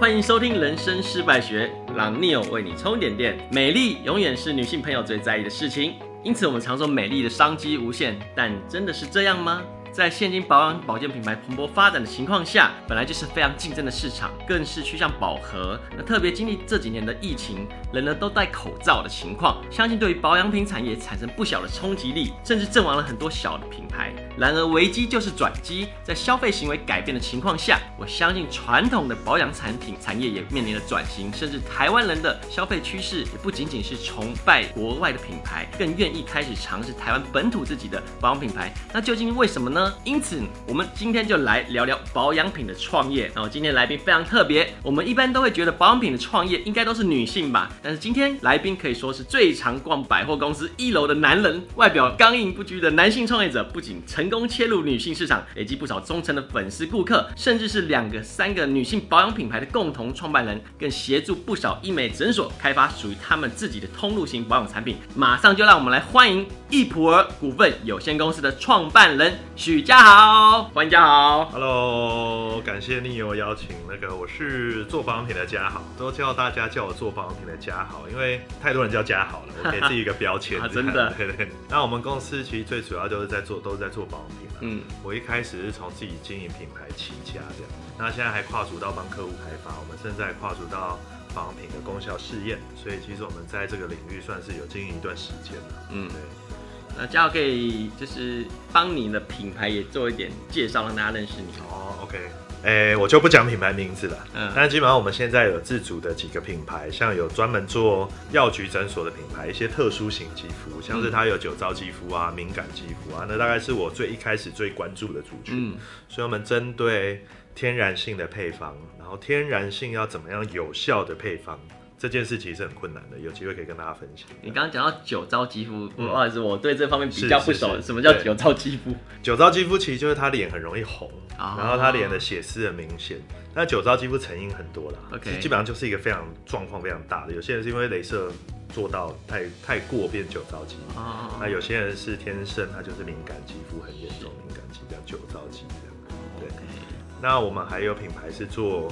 歡迎收聽《人生失敗學》，讓 NEO 為你充點電。美麗永遠是女性朋友最在意的事情，因此我們常說美麗的商機無限，但真的是這樣嗎？在現今保養保健品牌蓬勃發展的情況下，本來就是非常競爭的市場，更是趨向飽和。那特別經歷這幾年的疫情，人呢都戴口罩的情況，相信對於保養品產業產生不小的衝擊力，甚至陣亡了很多小的品牌。然而危機就是轉機，在消費行為改變的情況下，我相信傳統的保養產品產業也面臨了轉型，甚至台灣人的消費趨勢也不僅僅是崇拜國外的品牌，更願意開始嘗試台灣本土自己的保養品牌。那究竟為什麼呢？因此，我們今天就來聊聊保養品的創業。那我今天來賓非常特別，我們一般都會覺得保養品的創業應該都是女性吧？但是今天來賓可以說是最常逛百貨公司一樓的男人，外表剛硬不羈的男性創業者，不僅成功切入女性市場，累積不少忠誠的粉絲顧客，甚至是兩個三個女性保養品牌的共同創辦人，更協助不少醫美診所開發屬於他們自己的通路型保養產品。馬上就讓我們來歡迎藝璞兒股份有限公司的創辦人許。大家好，歡迎家好，Hello，感謝你有邀請，那個我是做保養品的家豪，都叫大家叫我做保養品的家豪，因為太多人叫家豪了，我給自己一個標籤、 啊，真的對對。那我們公司其實最主要就是在做，都是在做保養品嘛。嗯，我一開始是從自己經營品牌起家這樣，那現在還跨足到幫客戶開發，我們正在跨足到保養品的功效試驗，所以其實我們在這個領域算是有經營一段時間。嗯，對。那家豪可以就是幫你的品牌也做一點介紹，讓大家認識你哦。Oh, OK，哎、欸、我就不講品牌名字了。嗯，但是基本上我們現在有自主的幾個品牌，像有專門做藥局診所的品牌，一些特殊型肌膚，像是它有酒糟肌膚啊、嗯、敏感肌膚啊，那大概是我最一開始最關注的族群。嗯，所以我們針對天然性的配方，然後天然性要怎麼樣有效的配方。這件事其實是很困難的，有機會可以跟大家分享。你剛剛講到酒糟肌膚，嗯，不好意思，我對這方面比較不熟。是是是。什麼叫酒糟肌膚？酒糟肌膚其實就是他臉很容易紅，Oh. 然後他臉的血絲很明顯。那酒糟肌膚成因很多啦，Okay. 基本上就是一個非常狀況非常大的。有些人是因為雷射做到太太過變酒糟肌，Oh. 那有些人是天生，他就是敏感肌膚很嚴重，敏感肌的酒糟肌這樣。Oh. 對，Okay. 那我們還有品牌是做。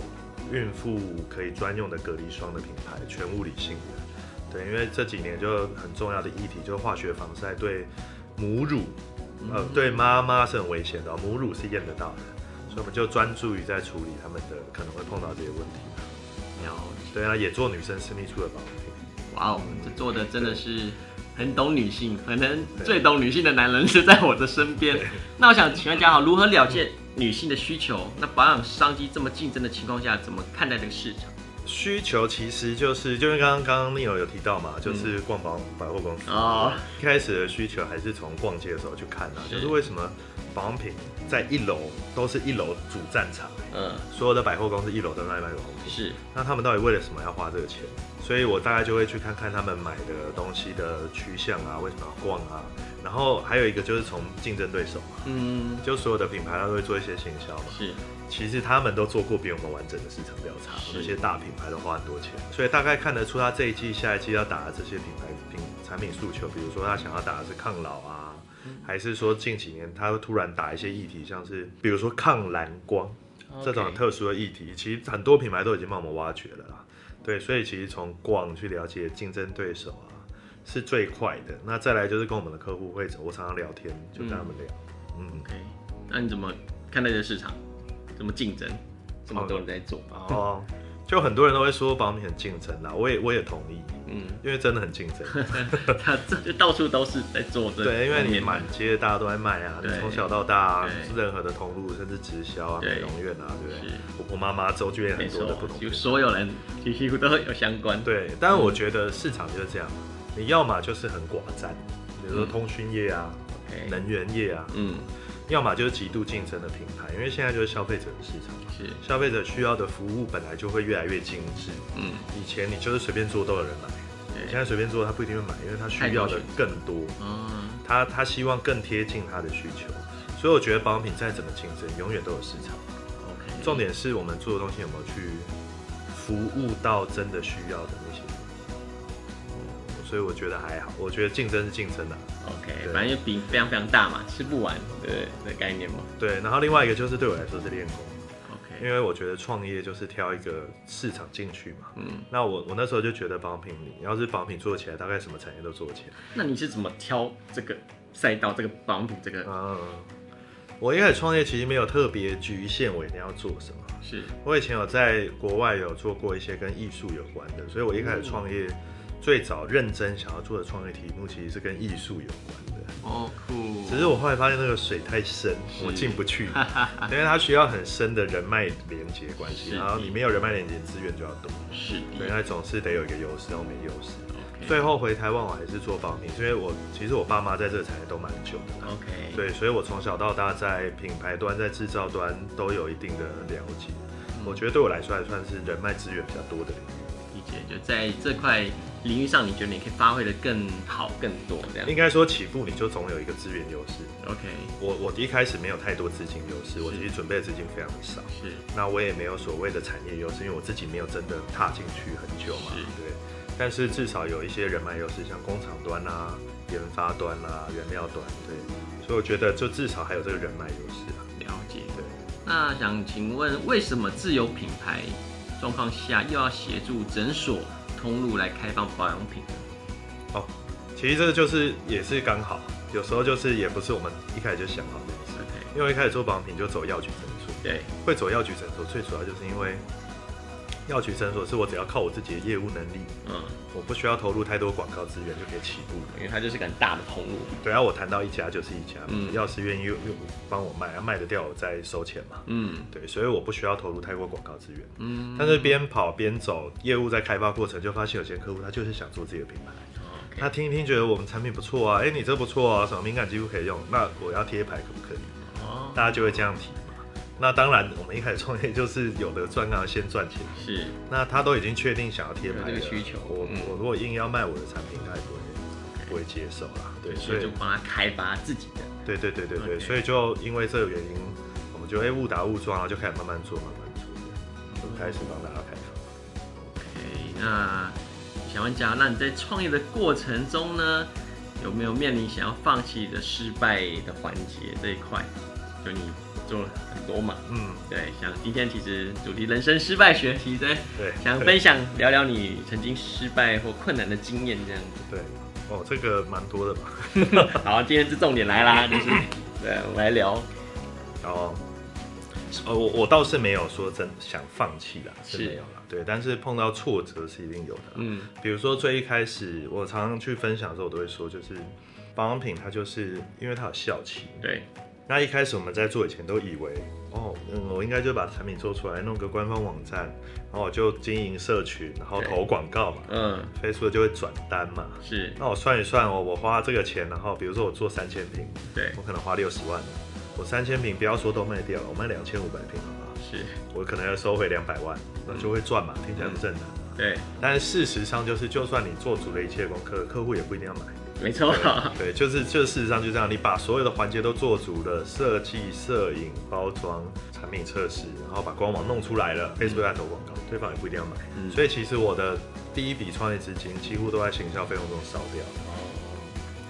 孕婦可以專用的隔離霜的品牌，全物理性的。對，因為這幾年就很重要的議題，就是化學防曬對母乳，嗯、呃，對媽媽是很危險的。母乳是驗得到的，所以我們就專注於在處理他們的可能會碰到這些問題。然後解，對啊，也做女生私密處的保養品。哇哦，這做的真的是很懂女性，可對能最懂女性的男人是在我的身邊。對那我想請問家豪，如何了解？嗯女性的需求，那保養商機這麼競爭的情況下，怎麼看待這個市場？需求其實就是，就是剛剛剛剛 NEO 有提到嘛，就是逛、嗯、百百貨公司啊，哦、一開始的需求還是從逛街的時候去看啊，是就是為什麼保養品在一樓都是一樓主戰場，嗯，所有的百貨公司一樓都在賣保養品是，那他們到底為了什麼要花這個錢？所以我大概就會去看看他們買的東西的趨向啊，為什麼要逛啊，然後還有一個就是從競爭對手嘛、啊，嗯，就所有的品牌他都會做一些行銷嘛，是。其實他們都做過比我們完整的市場調查，是那些大品牌都花很多錢，所以大概看得出他這一季、下一期要打的這些品牌品產品訴求。比如說他想要打的是抗老啊，嗯、還是說近幾年他會突然打一些議題，嗯、像是比如說抗藍光、嗯、這種很特殊的議題，其實很多品牌都已經幫我們挖掘了啦。對，所以其實從逛去了解競爭對手啊，是最快的。那再來就是跟我們的客戶會，我常常聊天，就跟他們聊。嗯，可以。嗯 okay. 那你怎麼看待這市場？怎麼競爭？這麼多人在做哦，就很多人都會說保你很競爭啦，我也我也同意，嗯，因為真的很競爭，他就到處都是在做對，因為你滿街大家都在賣啊，你從小到大啊，任何的通路甚至直銷啊、美容院啊，對不對？我婆婆媽媽周邊很多的，就所有人幾乎都有相關。對，但我覺得市場就是這樣，你要麼就是很寡佔，比如說通訊業啊、能源業啊，嗯。要麼就是極度競爭的品牌，因為現在就是消費者的市場嘛，是消費者需要的服務本來就會越來越精緻。嗯，以前你就是隨便做都有人買，是你現在隨便做他不一定會買，因為他需要的更多，嗯，他他希望更貼近他的需求，是所以我覺得保養品再怎麼競爭，永遠都有市場。OK，重點是我們做的東西有沒有去服務到真的需要的那些。所以我覺得還好，我覺得競爭是競爭的，啊。OK，反正對就比非常非常大嘛，吃不完，對不對，那概念嘛。對，然後另外一個就是對我來說是練功。OK，因為我覺得創業就是挑一個市場進去嘛。嗯。那我我那時候就覺得保養品，你要是保養品做起來，大概什麼產業都做起來。那你是怎麼挑這個賽道，這個保養品這個？嗯。我一開始創業其實沒有特別局限，我一定要做什麼。是我以前有在國外有做過一些跟藝術有關的，所以我一開始創業。最早認真想要做的創業題目，其實是跟藝術有關的。哦，oh, 酷。只是我後來發現那個水太深，是我進不去， 因為它需要很深的人脈連接關係。一然後你沒有人脈連接資源就要多，是所以它總是得有一個優勢，然後沒優勢。Okay. 最後回台灣，我還是做保養，因為我其實我爸媽在這個產業都蠻久的。OK。對，所以我從小到大在品牌端、在製造端都有一定的了解。嗯、我覺得對我來說，還算是人脈資源比較多的領域。的確，就在這塊。領域上，你覺得你可以發揮得更好、更多這樣？應該說起步你就總有一個資源優勢。OK，我我一開始沒有太多資金優勢，是我其實準備的資金非常少。是，那我也沒有所謂的產業優勢，因為我自己沒有真的踏進去很久嘛。是對。但是至少有一些人脈優勢，像工廠端啊、研发端啊、原料端，對。所以我覺得就至少還有這個人脈優勢啊。了解，對。那想請問，為什麼自有品牌狀況下又要協助診所？通路來開放保養品的，哦，其實這個就是也是剛好，有時候就是也不是我們一開始就想好的，Okay. 因為一開始做保養品就走藥局診所，對會走藥局診所，最主要就是因為。要取藥局診所是我只要靠我自己的業務能力，嗯，我不需要投入太多廣告資源就可以起步，因為它就是一個很大的投入。對啊，我談到一家就是一家嘛，嗯，要是願意又幫我賣，啊，賣得掉我再收錢嘛，嗯，對，所以我不需要投入太多廣告資源，嗯，但是邊跑邊走，業務在開發過程就發現有些客戶他就是想做自己的品牌，哦，okay、他聽一聽覺得我們產品不錯啊，哎、欸、你這不錯啊，什麼敏感肌膚可以用，那我要貼牌可不可以？哦，大家就會這樣提。那當然，我們一開始創業就是有的賺，然後先賺錢。是。那他都已經確定想要貼牌這個需求，嗯、我我如果硬要賣我的產品，他也不會、嗯、不會接受啦。對，所以就幫他開發自己的。對對對對，對 Okay. 所以就因為這個原因，我們就會誤打誤撞，然後就開始慢慢做，慢慢做。就開始幫大家開發。OK，那想問家，那你在創業的過程中呢，有沒有面臨想要放棄的失敗的環節這一塊？就你。做了很多嘛，嗯，對，像今天其實主題人生失敗學習，對，想分享聊聊你曾經失敗或困難的經驗這樣子，對，哦，這個蠻多的吧， 好，今天是重點來啦，咳咳就是，對，我們來聊，然呃、哦，我、哦、我倒是沒有說真想放棄啦，是沒有啦。是對，但是碰到挫折是一定有的，嗯，比如說最一開始我常常去分享的時候，我都會說就是，化妝品它就是因為它有效期，對。那一開始我們在做以前都以為，哦，嗯，我應該就把產品做出來，弄個官方網站，然後就經營社群，然後投廣告，嘛。嗯，Facebook 就會轉單嘛。是。那我算一算哦，我花這個錢，然後比如說我做三千瓶，對，我可能花六十萬，我三千瓶，不要說都賣掉了，我賣兩千五百瓶好不好？是，我可能要收回兩百萬，那就會賺嘛，聽起來是正常的。對，但事實上就是，就算你做足了一切功課，客戶也不一定要買。沒錯、啊，對，就是，就是、事實上就這樣，你把所有的環節都做足了，設計、攝影、包裝、產品測試，然後把官網弄出來了，Facebook 上投廣告，對方也不一定要買，嗯、所以其實我的第一筆創業資金幾乎都在行銷費用中燒掉了，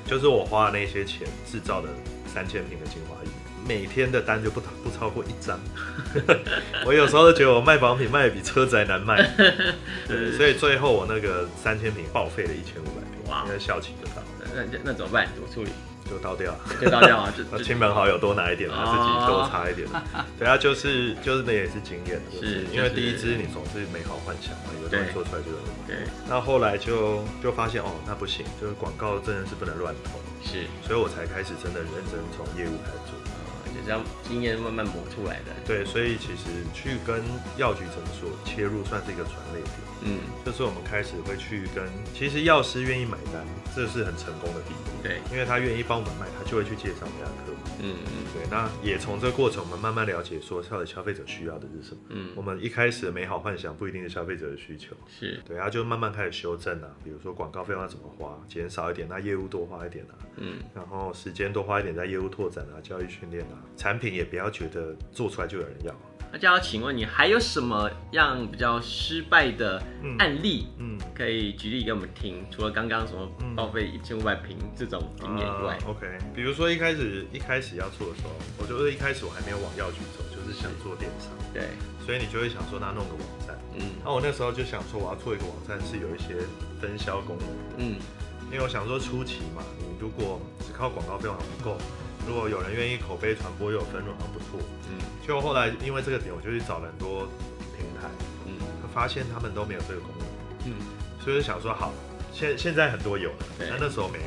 就是我花的那些錢製造的三千瓶的精華液，每天的單就不不超過一張， 我有時候都覺得我賣保養品賣的比車子還難賣，嗯，所以最後我那個三千瓶報廢了一千五百瓶，哇應該效期就到了。那那怎麼辦？怎麼處理？就倒掉了，就倒掉啊！就親朋 好友多拿一點，自己多擦一點。對啊、哦，就是就是那也是經驗、就是，是、就是、因為第一支你總是美好幻想嘛，以為做出來就是對。那後，後來就就發現哦，那不行，就是廣告真的是不能亂投，是，所以我才開始真的認真從業務開始做。也是這樣，經驗慢慢磨出來的。的對，所以其實去跟藥局診所切入算是一個轉捩點。嗯，就是我們開始會去跟，其實藥師願意買單，這是很成功的點。對，因為他願意幫我們賣，他就會去介紹其他客戶。嗯嗯，對。那也從這過程，我們慢慢了解說到底消費者需要的是什麼。嗯，我們一開始美好幻想不一定是消費者的需求。是對，他就慢慢開始修正啊，比如說廣告費用要怎麼花，減少一點，那業務多花一點啊。嗯，然後時間多花一點在業務拓展啊，教育訓練啊。產品也不要覺得做出來就有人要。啊，那就要請問你，還有什麼樣比較失敗的案例？嗯，可以舉例給我們聽。嗯嗯，除了剛剛什麼報廢一千五百瓶這種經驗以外，嗯、OK，比如說一開始一開始要做的時候，我覺得一開始我還沒有往藥局走，就是想做電商。對。所以你就會想說，那弄個網站。嗯。那、啊、我那時候就想說，我要做一個網站，是有一些分銷功能的。嗯。因為我想說初期嘛，你如果只靠廣告費用還不夠。如果有人願意口碑傳播又有分潤，還不錯。嗯，就後來因為這個點，我就去找了很多平台。嗯，發現他們都沒有這個功能。嗯，所以就想說好，現現在很多有了，對但那時候沒有，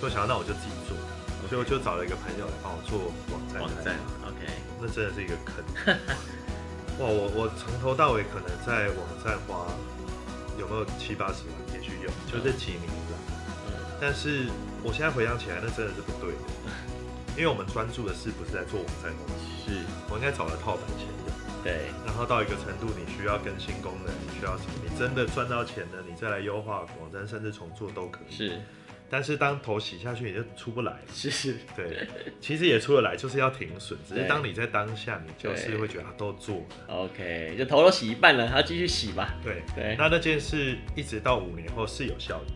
所以想要，那我就自己做。Okay. 所以我就找了一個朋友來幫我做網站的。網站，OK，那真的是一個坑。 哇，我我從頭到尾可能在網站花有沒有七八十萬，也許有，就這幾年吧。嗯，是啊、嗯，但是我現在回想起來，那真的是不對的。因為我們專注的事不是在做網站東西，是我應該找了套板錢的。對，然後到一個程度，你需要更新功能，你需要什麼？你真的賺到錢了，你再來優化網站，甚至重做都可以。是，但是當頭洗下去，你就出不來。是，是，對，其實也出得來，就是要停損。對只是當你在當下，你就是會覺得它都做了。OK，就頭都洗一半了，還要繼續洗吧。對對，對，那那件事一直到五年後是有效益。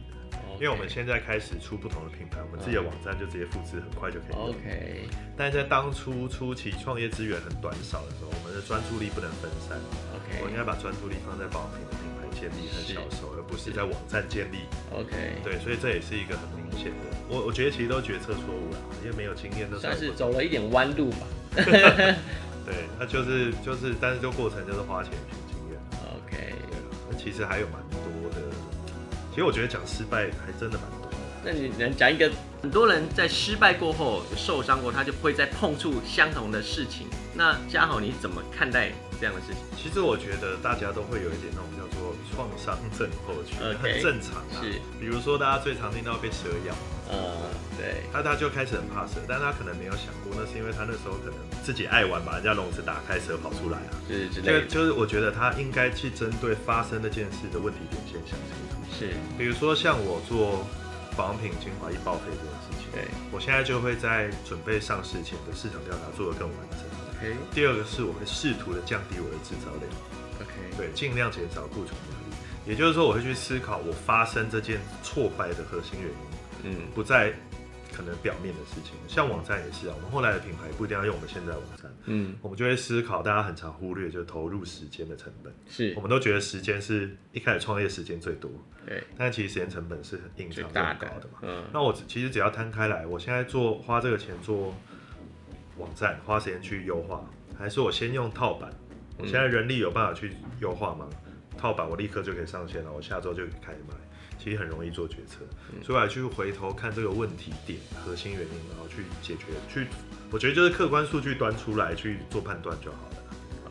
因為我們現在開始出不同的品牌，Okay. 我們自己的網站就直接複製，很快就可以了 OK。但是在當初初期創業資源很短少的時候，我們的專注力不能分散。OK。我應該把專注力放在保養品的品牌建立和銷售，是而不是在網站建立。是 OK。對，所以這也是一個很明顯的，我我覺得其實都決策錯誤了，因為沒有經驗都算是走了一點彎路吧。 對，那、啊、就是就是，但是這個過程就是花錢學經驗。OK。對，啊、其實還有蠻。因為我覺得講失敗還真的蠻多。那你能講一個，很多人在失敗過後受傷過，他就不會再碰觸相同的事情。那家豪你怎麼看待這樣的事情？其實我覺得大家都會有一點那種叫做創傷症候群，Okay, 很正常啊。是，比如說大家最常聽到被蛇咬。哦，uh, 對，那對、啊、他就開始很怕蛇，嗯、但他可能沒有想過，那、嗯、是因為他那時候可能自己愛玩把人家籠子打開，蛇跑出來啊，就、嗯、是之類。是，就是我覺得他應該去針對發生這件事的問題點先想清楚，是，比如說像我做仿品精華液報廢這件事情，對，我現在就會在準備上市前的市場調查做得更完整。OK。第二個是我會試圖的降低我的制造量，OK。對，盡量減少庫存壓力，也就是說我會去思考我發生這件挫敗的核心原因。嗯，不在可能表面的事情，像網站也是啊。我們後來的品牌不一定要用我們現在網站，嗯，我們就會思考，大家很常忽略，就是投入時間的成本。是，我們都覺得時間是一開始創業時間最多，對、欸。但其實時間成本是隱藏很高的嘛。嗯。那我其實只要攤開來，我現在做花這個錢做網站，花時間去優化，還是我先用套版？我現在人力有辦法去優化嗎？嗯、套版我立刻就可以上線了，然後我下周就可以開賣。其實很容易做決策，所以我還去回頭看這個問題點、嗯、核心原因，然後去解決去。我覺得就是客觀數據端出來去做判斷就好了。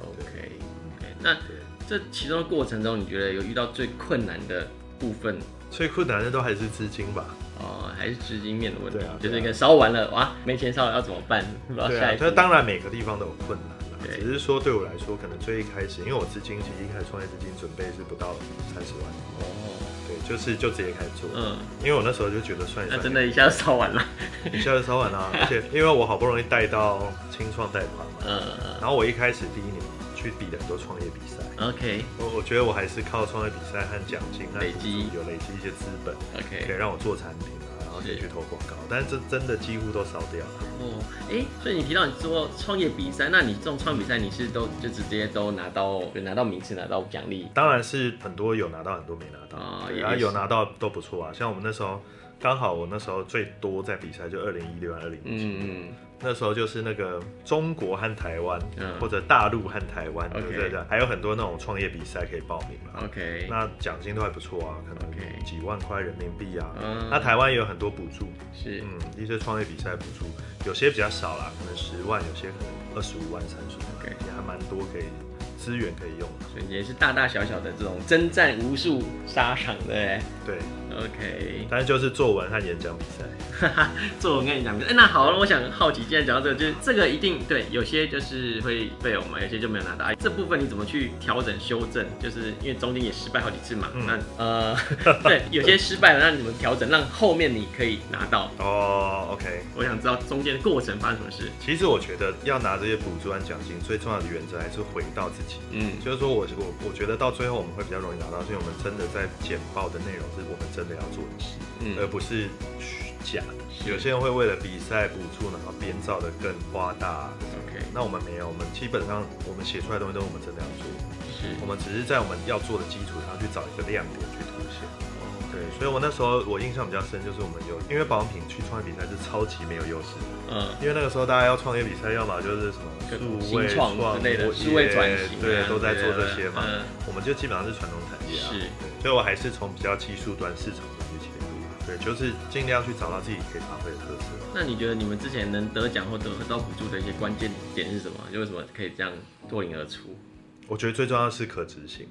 OK OK 那。那對這其中的過程中，你覺得有遇到最困難的部分？最困難的都還是資金吧。哦，還是資金面的問題。嗯、啊，啊就是一個燒完了哇，沒錢燒了要怎麼辦？對、啊。那、啊、當然每個地方都有困難了。對只是說對我來說，可能最一開始，因為我資金其實一開始創業資金準備是不到三十萬。哦。對，就是就直接開始做，嗯，因為我那時候就覺得算一算，啊，真的一下就燒完了，一下子燒完了，而且因為我好不容易貸到青創貸款，嘛，嗯，然後我一開始第一年去比很多創業比賽，OK，我我覺得我還是靠創業比賽和獎金累積，有累積一些資本，OK，可以讓我做產品。去投廣告，但是這真的幾乎都燒掉了。哦，哎、欸，所以你提到你做創業比賽，那你這種創業比賽，你是都就直接都拿到拿到名次，拿到獎勵？當然是很多有拿到，很多沒拿到啊。有拿到都不錯啊，像我們那時候。剛好我那時候最多在比賽就二零一六、二零一七，嗯、那時候就是那個中國和台灣，嗯、或者大陸和台灣，對不對？okay. 還有很多那種創業比賽可以報名啦。OK，那獎金都還不錯啊，可能幾萬塊人民幣啊。Okay. 嗯、那台灣也有很多補助，是，嗯，一些創業比賽補助，有些比較少啦，可能十萬，有些可能二十五萬、三十萬，Okay. 也還蠻多，可以資源可以用的。所以也是大大小小的這種征戰無數沙場的，對,對。對 OK，但是就是作文和演講比賽，哈哈，作文跟演講比賽。欸。那好了，我想好奇，既然講到這個，就是這個一定對，有些就是會被我們，有些就沒有拿到。啊、這部分你怎麼去調整修正？就是因為中間也失敗好幾次嘛。嗯、那呃，對，有些失敗了， 那你怎麼調整，讓後面你可以拿到？哦、oh，OK，我想知道中間的過程發生什麼事。其實我覺得要拿這些補助和獎金最重要的原則還是回到自己，嗯，就是說我我我覺得到最後我們會比較容易拿到，因為我們真的在簡報的內容是我們真。的要做，而不是虛假的。有些人會為了比賽補助，然後編造的更誇大。OK，那我們沒有，我們基本上我們寫出來的東西都是我們真的要做。是，我們只是在我們要做的基礎上去找一個亮點去凸顯。對，所以我那時候我印象比較深，就是我們有因為保養品去創業比賽是超級沒有優勢。嗯，因為那個時候大家要創業比賽，要麼就是什麼數位創新之類的，數位轉型，對，都在做這些嘛。我們就基本上是傳統產業。是。所以我還是從比較技術端、市場端去切入，對，就是盡量去找到自己可以發揮的特色。那你覺得你們之前能得獎或得到補助的一些關鍵點是什麼？就為什麼可以這樣脫穎而出？我覺得最重要的是可執行，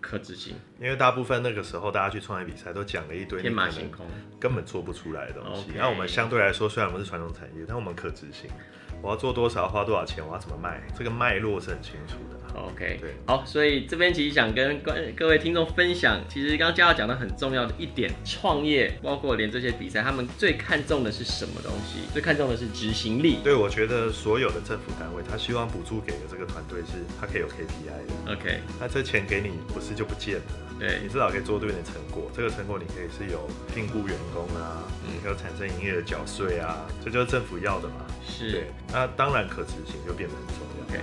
可執行。因為大部分那個時候大家去創業比賽都講了一堆天馬行空，根本做不出來的東西。那、okay. 我們相對來說雖然我們是傳統產業，但我們可執行。我要做多少，花多少錢，我要怎麼賣，這個脈絡是很清楚。OK，對，好，所以這邊其實想跟各各位聽眾分享，其實剛剛家豪講的很重要的一點，創業包括連這些比賽，他們最看重的是什麼東西？最看重的是執行力。對，我覺得所有的政府單位，他希望補助給的這個團隊是，他可以有 KPI 的。OK，那這錢給你不是就不見了？對你至少可以做對面的成果，這個成果你可以是有聘僱員工啊，嗯、有產生營業的繳稅啊，這就是政府要的嘛。是。那當然可執行就變得很重要。Okay.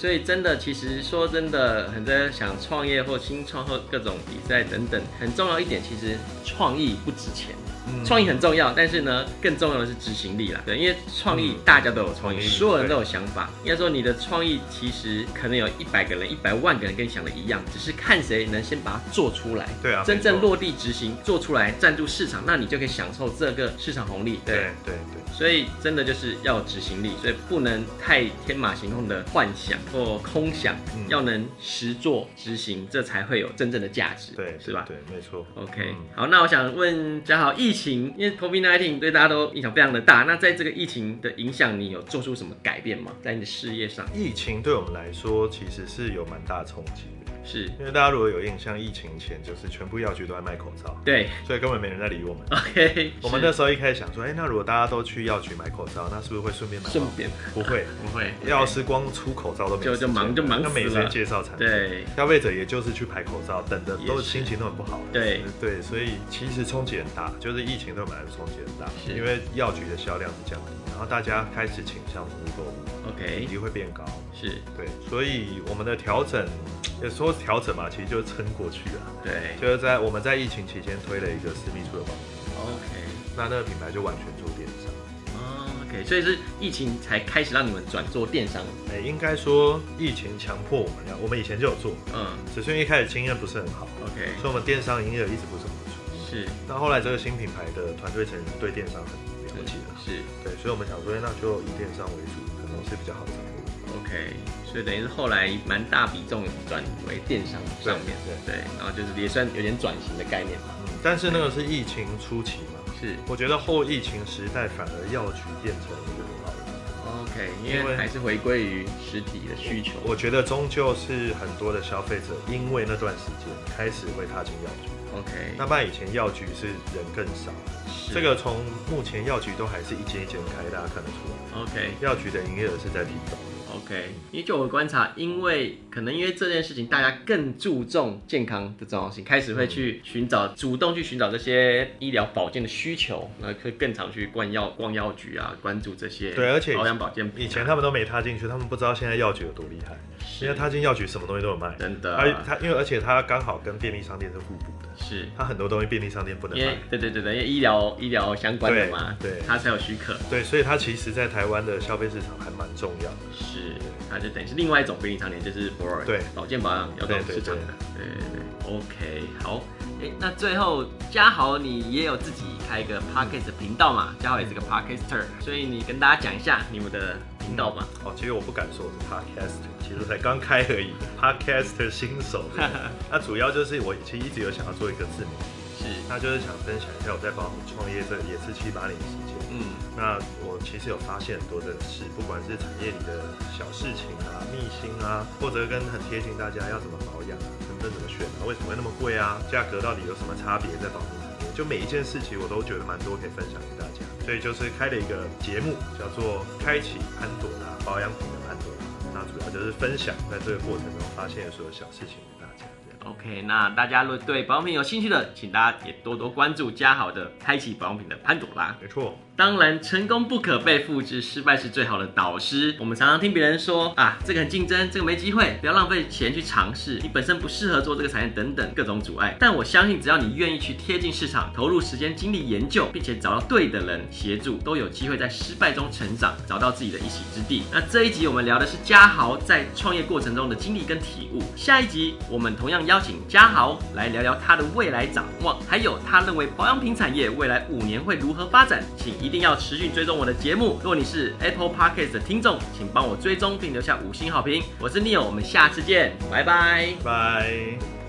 所以，真的，其實說真的，很多人想創業或新創或各種比賽等等，很重要一點，其實創意不值錢。創意很重要，但是呢，更重要的是執行力啦。對，因為創意大家都有創意，所有人都有想法。應該說你的創意其實可能有一百個人、一百萬個人跟你想的一樣，只是看誰能先把它做出來。對啊，真正落地執行、做出來、佔據市場，那你就可以享受這個市場紅利。對對對，所以真的就是要執行力，所以不能太天馬行空的幻想或空想，要能實做執行，這才會有真正的價值。對，是吧？對，沒錯。OK，好，那我想問家豪一。疫情因為 COVID-19 對大家都影響非常的大。那在這個疫情的影響，你有做出什麼改變嗎？在你的事業上，疫情對我們來說其實是有蠻大衝擊。是因為大家如果有印象，疫情前就是全部藥局都在賣口罩，對，所以根本沒人在理我們。OK，我們那時候一開始想說，哎，那如果大家都去藥局買口罩，那是不是會順便買順便？不會不會，藥師光出口罩都沒有，就忙就忙。他每個人介紹產品，對，消費者也就是去排口罩，等的都心情都很不好。對對，所以其實衝擊很大，就是疫情都蠻衝擊很大，因為藥局的銷量是降低。然後大家開始傾向網路購物，OK，機會變高，是，對，所以我們的調整，有時候調整嘛，其實就是撐過去了。對，就是在我們在疫情期間推了一個私密處的保 OK 那那個品牌就完全做電商，啊、oh,，OK，所以是疫情才開始讓你們轉做電商，哎，應該說疫情強迫我們，啊，我們以前就有做，嗯，只是因為一開始經驗不是很好，OK，所以我們電商營業額一直不怎麼錯。是，那後來這個新品牌的團隊成員對電商很。是對，所以我們想說，那就以電商為主，可能是比較好掌握。OK，所以等於是後來蠻大比重轉為電商上面，對對，對，然後就是也算有點轉型的概念吧，嗯。但是那個是疫情初期嘛。對是，我覺得後疫情時代反而藥局變成老了。OK，因為還是回歸於實體的需求。我覺得終究是很多的消費者因為那段時間開始會踏進藥局。OK，那不然以前藥局是人更少的，是這個從目前藥局都還是一間一間開，大家看得出來。OK，藥局的營業額是在走。OK，因為就我們觀察，因為可能因為這件事情，大家更注重健康的重要性，喔、開始會去尋找，嗯、主動去尋找這些醫療保健的需求，那會更常去逛藥逛藥局啊，關注這些、啊。對，而且保養保健以前他們都沒踏進去，他們不知道現在藥局有多厲害。因為他進藥局什麼東西都有賣，真的。他他因為而且他剛好跟便利商店是互補的，是。他很多東西便利商店不能賣。對對對對，因為醫療醫療相關的嘛，對，他才有許可。對，所以他其實，在台灣的消費市場還蠻重要的。是。那就等於是另外一種便利商店，就是保養，對，保健保養要到市場的。對對對。OK，好。那最後嘉豪，你也有自己開一個 podcast 的頻道嘛？嘉豪也是個 podcaster，所以你跟大家講一下你們的。聽到嗎？嗯？哦，其實我不敢說我是 podcast，其實我才剛開而已 podcast 新手。那 、啊、主要就是我其實一直有想要做一個自媒體，是，那、啊、就是想分享一下我在保養創業，這也是七八年時間。嗯，那我其實有發現很多的事，不管是產業裡的小事情啊、秘辛啊，或者跟很貼近大家要怎麼保養、成分怎麼選啊、為什麼會那麼貴啊、價格到底有什麼差別，在保養就每一件事情，我都覺得蠻多可以分享給大家，所以就是開了一個節目，叫做《開啟潘朵拉保養品的潘朵拉》，那主要就是分享在這個過程中發現的所有小事情給大家。這樣 OK，那大家如果對保養品有興趣的，請大家也多多關注家豪的《開啟保養品的潘朵拉》，沒錯。當然，成功不可被複製，失敗是最好的導師。我們常常聽別人說啊，這個很競爭，這個沒機會，不要浪費錢去嘗試，你本身不適合做這個產業等等各種阻礙。但我相信，只要你願意去貼近市場，投入時間精力研究，並且找到對的人協助，都有機會在失敗中成長，找到自己的一席之地。那這一集我們聊的是家豪在創業過程中的經歷跟體悟。下一集我們同樣邀請家豪來聊聊他的未來展望，還有他認為保養品產業未來五年會如何發展。請一。一定要持續追蹤我的節目。如果你是 Apple Podcast 的聽眾，請幫我追蹤並留下五星好評。我是 NEO，我們下次見，拜拜，拜。